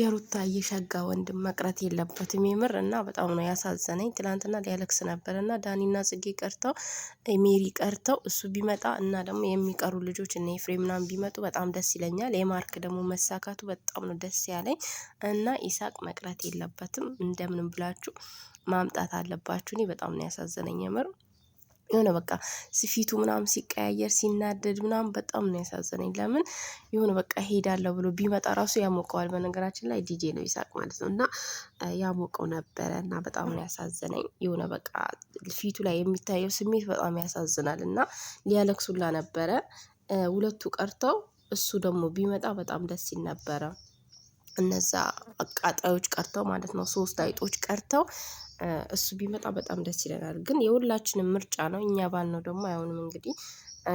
የሩታ እየሸጋ ወንድም መቅረት የለበትም የምር እና በጣም ነው ያሳዘነኝ። ትላንትና ሊያለቅስ ነበር እና ዳኒና ጽጌ ቀርተው ሜሪ ቀርተው እሱ ቢመጣ እና ደግሞ የሚቀሩ ልጆች እና ኤፍሬም ምናምን ቢመጡ በጣም ደስ ይለኛል። የማርክ ደግሞ መሳካቱ በጣም ነው ደስ ያለኝ እና ኢሳቅ መቅረት የለበትም። እንደምንም ብላችሁ ማምጣት አለባችሁ። እኔ በጣም ነው ያሳዘነኝ የምር። የሆነ በቃ ስፊቱ ምናምን ሲቀያየር ሲናደድ ምናምን በጣም ነው ያሳዘነኝ። ለምን የሆነ በቃ ሄዳለሁ ብሎ ቢመጣ ራሱ ያሞቀዋል። በነገራችን ላይ ዲጄ ነው ይሳቅ ማለት ነው እና ያሞቀው ነበረ እና በጣም ነው ያሳዘነኝ። የሆነ በቃ ፊቱ ላይ የሚታየው ስሜት በጣም ያሳዝናል እና ሊያለቅሱላ ነበረ። ሁለቱ ቀርተው እሱ ደግሞ ቢመጣ በጣም ደስ ይል ነበረ እነዛ አቃጣዮች ቀርተው ማለት ነው ሶስት አይጦች ቀርተው እሱ ቢመጣ በጣም ደስ ይለናል። ግን የሁላችንም ምርጫ ነው። እኛ ነው ደግሞ አይሆንም። እንግዲህ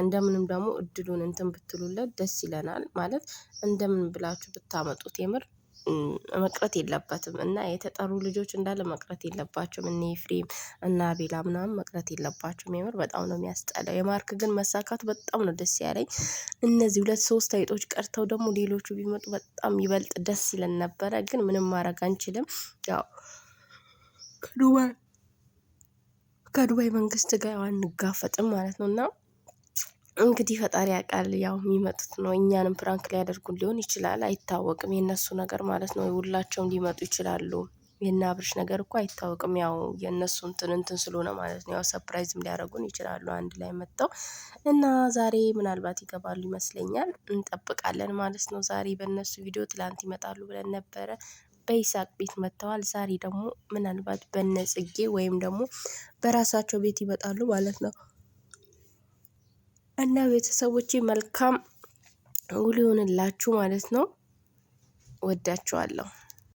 እንደምንም ደግሞ እድሉን እንትን ብትሉለት ደስ ይለናል። ማለት እንደምን ብላችሁ ብታመጡት የምር መቅረት የለበትም እና የተጠሩ ልጆች እንዳለ መቅረት የለባቸውም። እነ ኤፍሬም እና አቤላ ምናምን መቅረት የለባቸውም። የምር በጣም ነው የሚያስጠላው። የማርክ ግን መሳካቱ በጣም ነው ደስ ያለኝ። እነዚህ ሁለት ሶስት አይጦች ቀርተው ደግሞ ሌሎቹ ቢመጡ በጣም ይበልጥ ደስ ይለን ነበረ። ግን ምንም ማድረግ አንችልም። ያው ከዱባይ ከዱባይ መንግስት ጋር አንጋፈጥም ማለት ነው እና እንግዲህ ፈጣሪ ያውቃል። ያው የሚመጡት ነው። እኛንም ፕራንክ ሊያደርጉን ሊሆን ይችላል፣ አይታወቅም። የእነሱ ነገር ማለት ነው። ሁላቸውም ሊመጡ ይችላሉ። የእነ አብርሽ ነገር እኮ አይታወቅም። ያው የእነሱ እንትን እንትን ስለሆነ ማለት ነው። ያው ሰፕራይዝም ሊያደርጉን ይችላሉ አንድ ላይ መጥተው እና ዛሬ ምናልባት ይገባሉ ይመስለኛል። እንጠብቃለን ማለት ነው። ዛሬ በእነሱ ቪዲዮ ትላንት ይመጣሉ ብለን ነበረ። በይሳቅ ቤት መጥተዋል። ዛሬ ደግሞ ምናልባት በነጽጌ ወይም ደግሞ በራሳቸው ቤት ይመጣሉ ማለት ነው። እና ቤተሰቦቼ መልካም ውሉ ይሆንላችሁ ማለት ነው። ወዳችኋለሁ።